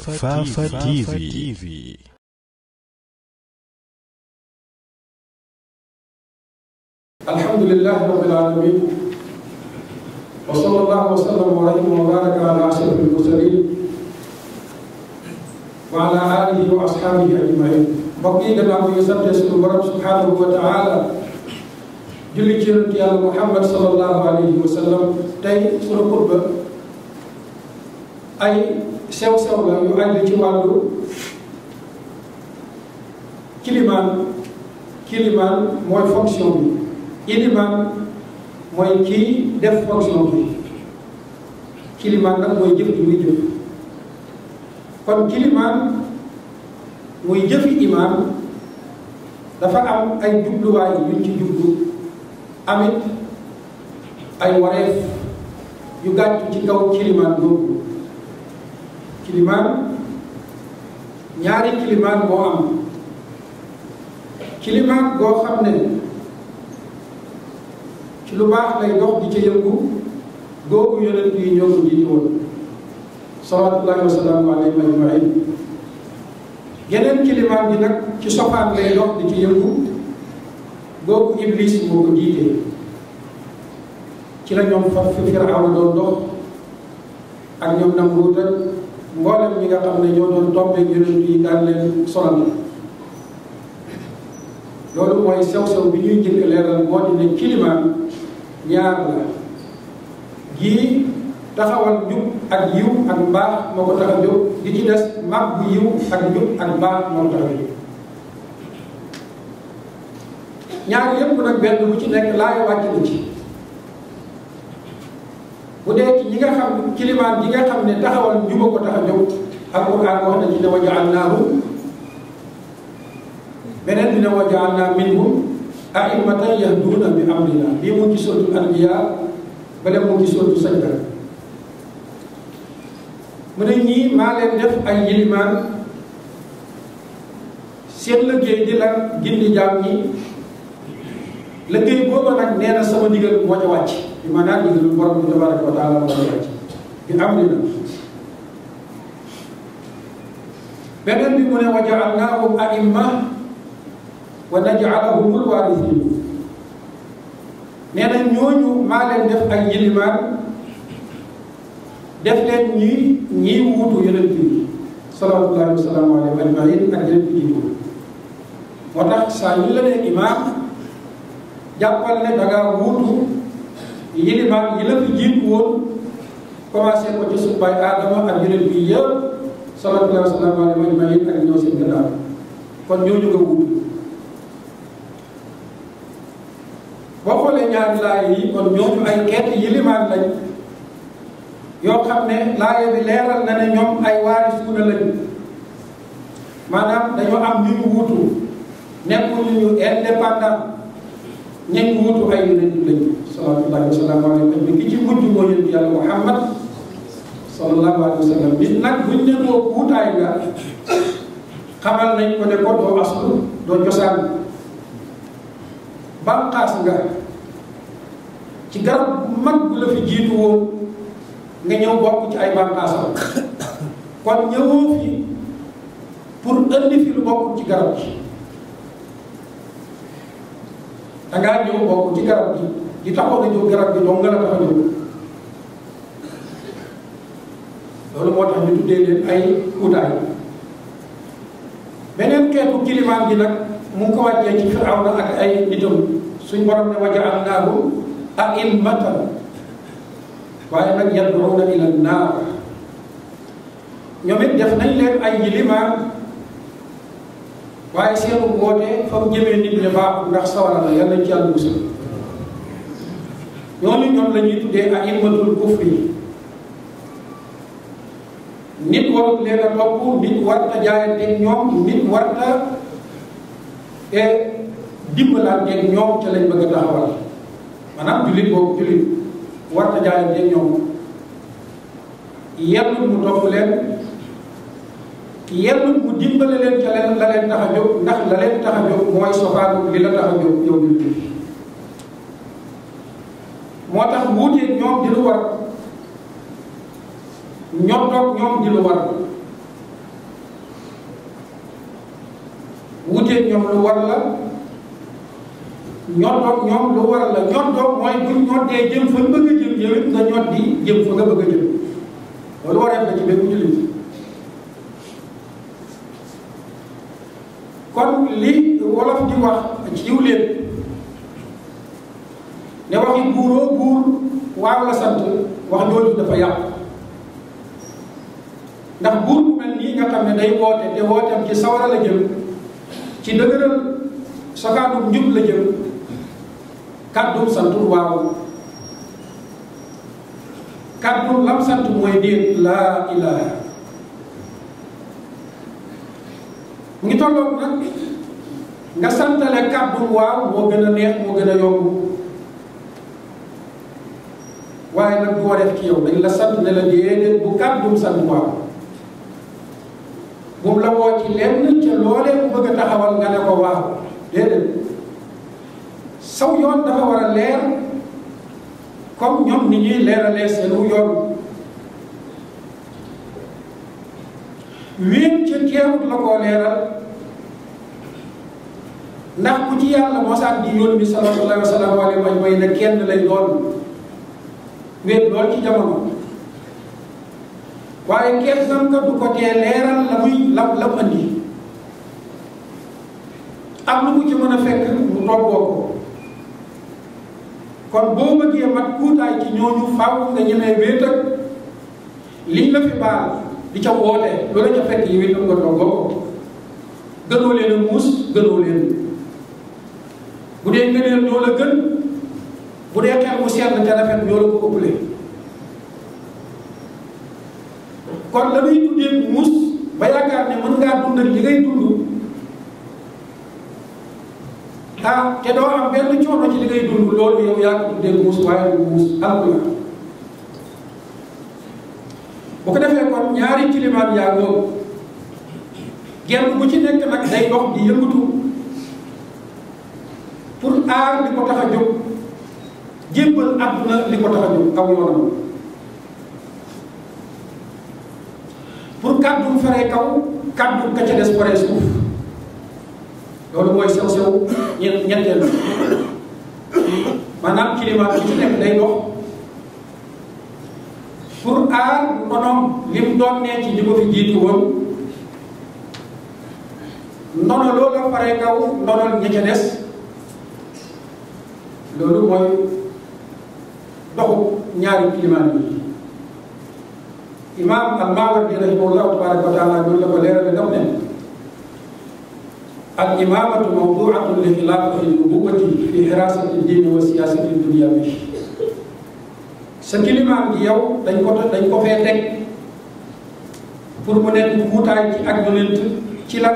Fafa TV. alhamdulilah rabbil alamin wa sallallahu wa sallam wa rahima wa baraka ala ashrafil mursalin wa ala alihi wa ashabihi ajmain mbokk yi gannaaw bi ñu sante suñu borom subhanahu wa taala julli ci yonent yàlla Muhammad sallallahu alayhi wa sallam tey suñu xutba ay sew-sew la yu aju ci wàllu kilimaan kilimaan mooy fonction bi ilimaan mooy kii def fonction bi kilimaan nag mooy jëf ji muy jëf kon kilimaan muy jëfi imaam dafa am ay jubluwaay yuñ ci jublu amit ay wareef yu gàttu ci kaw kilimaan boobu kilimaan ñaari kilimaan boo am kilimaan boo xam ne ci lu baax lay dox di ca yëngu googu yonent yi ñoo ko jiite woon salawaatullaahi wa salaamu alayhi ajmaïn geneen kilimaan bi nag ci sofaan lay dox di ci yëngu googu iblis moo ko jiite ci la ñoom fa fi Firawna doon dox ak ñoom Namruud mboolem ñi nga xam ne ñoo doon tombee yonent yi daan leen sonal na loolu mooy sew-sew bi ñuy njëkk leeral moo di ne kilimaan ñaar la gii taxawal njub ak yiw ak mbaax moo ko tax a jóg di ci mag bu yiw ak njub ak mbaax moo ko tax a jóg ñaar yépp nag benn bu ci nekk laay wàcc bu dee ci ñi nga xam kilimaan ñi nga xam ne taxawal juba ko tax a jóg alquran wax na ci ne wa jaalnaahum beneen bi ne wa jaalnaa minhum a'immatan yahduuna bi amrina lii mu ci sóotu anbiya bale mu ci sóotu sajda mu ne ñii maa leen def ay yilimaan seen liggéey di la jaam ñi liggéey booba nag nee na sama ndigal moo ca wàcc bi ma naan ndigal borom bi tabaraka wa taala moo ca wàcc bi am ni nag beneen bi mu ne wa jaalnaahum aimma wa najaalahumul waarisiin nee na ñooñu maa leen def ay yilimaan def leen ñuy ñiy wuutu yonent bi salawaatullaahi wa salaamu alayhi ajmain ak yonent bi moo tax saa ñu la nee jàppal ne da ngaa wuutu yilimaan yi la fi jiitu woon ko ci suñu baay aadama ak yeneen bi yëpp salaatullahi wa salaamu alayhi ajmaïn ak ñoo seen gannaaw kon ñooñu nga wuutu boo xoolee ñaari laay yi kon ñooñu ay xeeti yilimaan lañ yoo xam ne laaya bi leeral ne ñoom ay waarisuuna lañu maanaam dañoo am ñu ñu wuutu nekkul ñu indépendant ña ñu wutu ay yonent lañu salawaatullaahi wa salaamu alayhi bi ki ci mujj moo yonent yàlla Muhammad sallallahu alayhi wa sallam nit nag buñ ne doo kuutaay nga xamal nañ ko ne ko doo aslu doo cosaan banqaas nga ci garab mag la fi jiitu woon nga ñëw bokk ci ay banqaasam kon ñëwoo fi pour indi fi lu bokk ci garab gi da ngaa ñëw bokk ci garab gi li taxaw na jóg garab gi doo nga la tax a jóg loolu moo tax ñu tuddee leen ay kuutaay beneen xeetu kilimaan bi nag mu ngi ko wàccee ci Firawna ak ay nitam suñ borom ne wa ja'alnaahum a'immatan waaye nag yad'uuna ila naar ñoom it def nañ leen ay kilimaan waaye seenu woote fa mu jëmee nit ne baaxul ndax sawara la yàlla ci àll musal ñooñu ñoom la ñuy tuddee ak immatul kufri yi nit warut leen a topp nit war na jaayante ñoom nit war na eh, dimbalante ñoom ca lañ bëgg a taxawal maanaam jullit boobu jullit war na jaayante ñoom yàlla mu topp leen. yellu mu dimbale leen ca leen la leen tax a jóg ndax la tax a jóg mooy sofaanu li la tax a jóg yow moo tax wuuteeg ñoom di lu war ñoom toog ñoom di lu war wuuteeg la ñoom toog ñoom lu war la jëm fa bëgg a jëm yow it nga ñoddi jëm fa nga bëgg a jëm loolu wareef la ci benn jullit muy wax jiw leen ne waxi buuroo buur waaw la sant wax loolu dafa yàqu ndax buur bu mel nii nga xam ne day woote te wooteem ci sawara la jëm ci dëgëral sa kàddum njub la jëm kàddum santul waaw kàddum lam sant mooy déet laa ilaha mu ngi tolloon nag nga santale kàddu waaw moo gën a neex moo gën a yomb waaye nag du ma def ci yow dañ la sant ne la déedéet bu kàddum sant waaw moom la woo ci lenn ca loolee mu bëgg a taxawal nga ne ko waaw déedéet saw yoon dafa war a leer comme ñoom ni ñuy leeralee seenu yoon wéet ca teewut la koo leeral ndax ku ci yàlla mosaat di yónni sallallahu alayhi wa mooy ne kenn lay doon wéet lool ci jamono waaye kenn sam ka du ko tee leeral la muy la am lu mu ci mën a fekk mu toggoo ko kon boo bëggee mat kuutaay ci ñooñu faaw nga ñemee wéet liñ la fi baal di ca woote loola ca fekk yi wéet nga toggoo gënoo leen a muus gënoo leen bu dee ngëneel ñoo gën bu dee xel bu sell te rafet ñoo la ko ëppale kon la muy tuddee mus ba yaakaar ne mën ngaa dundal li ngay ah te doo am benn coono ci li ngay dund loolu yaa ko tuddee muus waaye du muus alhamdulilah bu ko defee kon ñaari climat yaa ngi genn bu ci nekk nag day dox di yëngatu. aar li ko tax a jóg jébbal àdduna li ko tax a jóg aw yoonam pour kàddu feree kaw kàddu ka ca des pare suuf loolu mooy sew sew ñe- ñetteel maanaam climat bi ci nekk day dox pour aar ndonoom li mu doon ne ci ñi ko fi jiitu woon ndono loola faree kaw ndonol ña des loolu mooy doxu ñaari climat yi imaam al-Mawardi rahimahullahu tabaraka wa taala loolu la ko leerale daf ne al imaamatu mawduatun li xilaafi nubuwati fi xiraasati diini wa siyaasati dunia bi sa climat bi yow dañ ko dañ ko fee teg pour mu nekk wutaay ci ak yonent ci la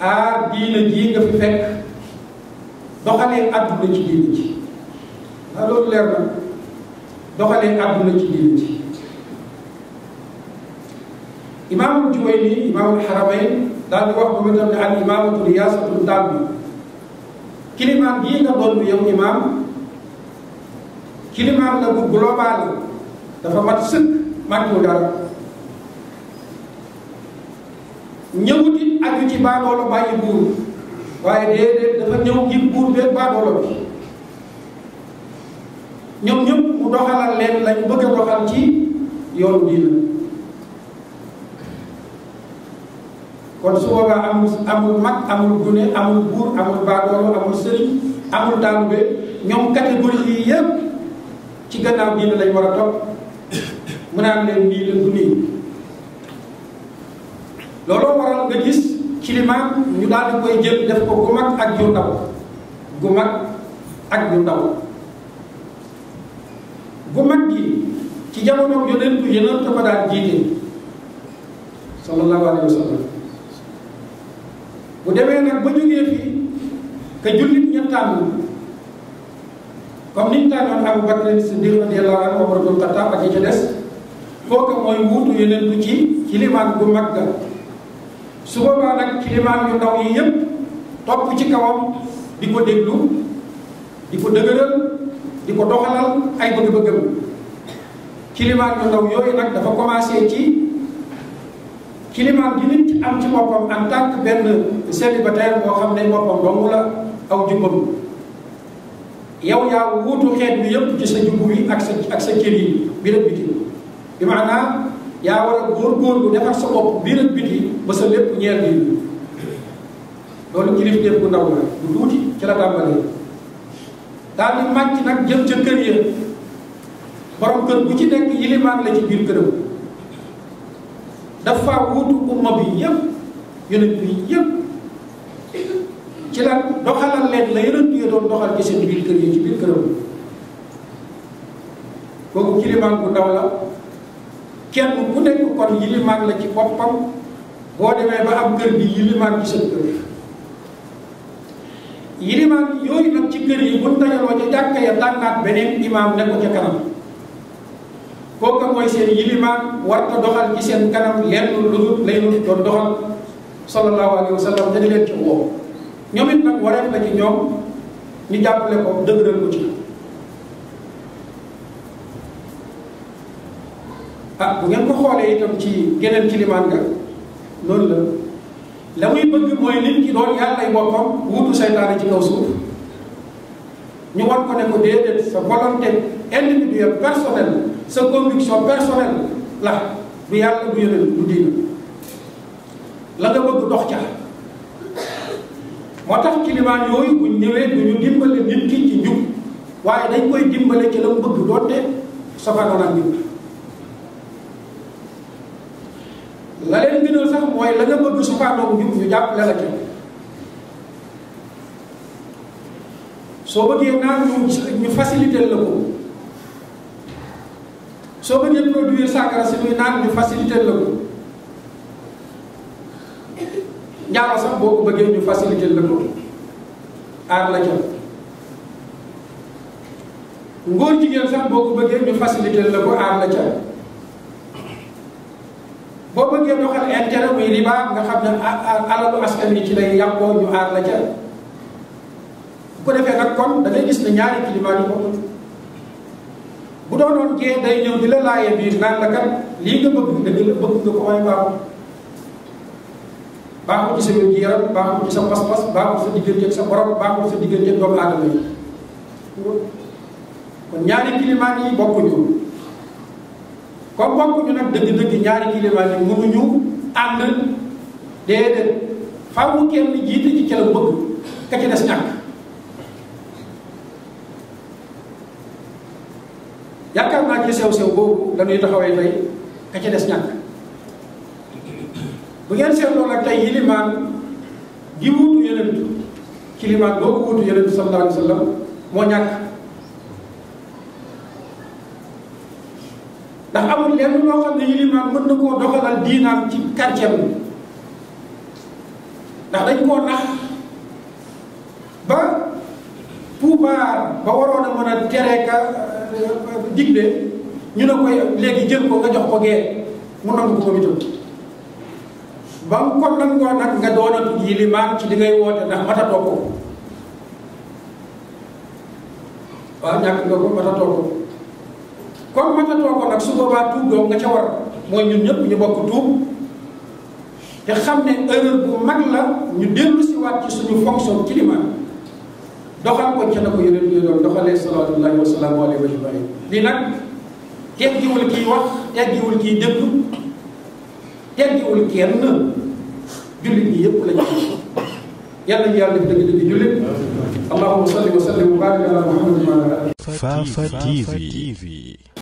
aar diina jii nga fi fekk doxalee àdduna ci diine ci ndax leer na doxalee àdduna ci diine ci imaamul Juwayni imaamul Haramayn daal di wax ba mu dem ne al imaamatu riyaasatul daal bi kilimaan bii nga doon yow imaam kilimaan la bu global dafa mat sëkk màccu dara ñëwutit ak yu ci baadoolo bàyyi buur waaye déedéet dafa ñëw ngir buur beeg baadoolo bi ñoom ñëpp mu doxalal leen lañ bëgg a doxal ci yoonu diina kon su boobaa amul amul mag amul gune amul buur amul baadoolo amul sëriñ amul taalibe ñoom catégorie yi yëpp ci gannaaw diina lañ war a topp mu naan leen nii la du nii looloo waral nga gis climat ñu daal di koy jël def ko gu mag ak yu ndaw gu mag ak yu ndaw gu mag gi ci jamono yonentu yonent ko daal jiite sallallahu alayhi wa bu demee nag ba jógee fii ka jullit ña tànn comme niñ tànnoon Abu Bakr Siddiq radiyallahu anhu Omar ibn Khattab ak ca des kooku mooy yu yonentu ci climat gu mag la su boobaa nag kilimaan yu ndaw yi yëpp topp ci kawam di ko déglu di ko dëgëral di ko doxalal ay bëgg-bëggam kilimaan yu ndaw yooyu nag dafa commencé ci kilimaan gi nit ci am ci moppam en tant que ba célibataire boo xam ne boppam dong la aw jubbam yow yaa wuutu xeet bi yëpp ci sa jubbu bi ak sa ak sa cër bi rek biti bi maanaam yaa war a góorgóorlu defar sa bopp biir ak biti ba sa lépp ñeer bi loolu kilif def bu ndaw la bu tuuti ci la tàmbalee daal di màcc nag jëm ca kër ya borom kër bu ci nekk yilimaan la ci biir këram dafa wuutu umma bi yépp yonent bi yépp ci la doxalal leen la yonent yi doon doxal ci seen biir kër yi ci biir këram kooku kilimaan bu ndaw la kenn ku nekk kon yilimaan la ci boppam boo demee ba am kër gi yilimaan ci seen kër yilimaan yooyu nag ci kër yi buñ dajaloo ca jàkka ya tànnaat beneen imaam ne ko ca kanam kooka mooy seen yilimaan warta doxal ci seen kanam lenn lu lay doon doxal sallallahu alayhi wa sallam dañu leen ci woo ñoom it nag wareef la ci ñoom ñu jàppale ko dëgëral ko ci ah bu ngeen ko xoolee itam ci geneen kilimaan nga noonu la la muy bëgg mooy nit ki doon yàllay boppam wutu seytaane ci kaw suuf ñu war ko ne ko déedéet sa volonté individuelle personnelle sa conviction personnelle la bu yàlla bu yënal bu diina la nga bëgg dox ca moo tax kilimaan yooyu buñ ñëwee du ñu dimbale nit ki ci njub waaye dañ koy dimbale ci la mu bëgg doonte sofanoo ak njub mooy la nga bëgg su faatoo njub ñu jàppale la ci soo bëggee naan ñu ñu la ko soo bëggee produire sàngara si muy naan ñu faciliter la ko njaaro sax boo ko bëggee ñu faciliter jigéen sax boo ko bëggee ñu faciliter la ko aar la ca boo bëggee doxal intérêt muy riba nga xam ne alalu askan wi ci lay yàqoo ñu aar la ca bu ko defee nag kon da gis ne ñaari climat yi bokkul bu day ñëw di la laaye biir naan la kat lii nga bëgg dëgg la bëgg nga ko sa wér gi yaram baaxul sa pas-pas baaxul sa diggante ak sa borom baaxul sa diggante yi kon ñaari climat yi bokkuñu comme bokk ñu nag dëgg-dëgg ñaari kilifa yi mënuñu ànd déedéet faaw kenn jiite ci ca bëgg ka ci des ñàkk yaakaar naa ci sew sew boobu dañuy taxawee tey ka ca des ñàkk bu ngeen seetloo nag tey yilimaan gi wuutu yonent kilimaan boo ko wuutu yonent sallallahu alayhi wa sallam moo ñàkk mën na koo doxalal diinaam ci quartier bi ndax dañ koo nax ba pouvoir ba waroon a mën a tere ka euh, digle ñu ne koy léegi jël ko nga jox ko gee mu nangu ko moom itam ba mu ko nangoo nag nga doonatu yilimaan ci di ngay ndax matatoo ko ñàkk nga ko matatoo ko comme nag su boobaa tuub nga ca war mooy ñun ñëpp ñu bokk tuub te xam ne erreur bu mag la ñu dellu si suñu fonction climat doxal ko ca na ko yeneen ñu doon doxalee salawaatullaahi wa salaamu alayhi wa ajmaïn li nag teggiwul kiy wax teggiwul kiy déglu teggiwul kenn jullit ñi yëpp lañu yàlla ñu yàlla def dëgg jullit allahumma salli wa sallim wa barik TV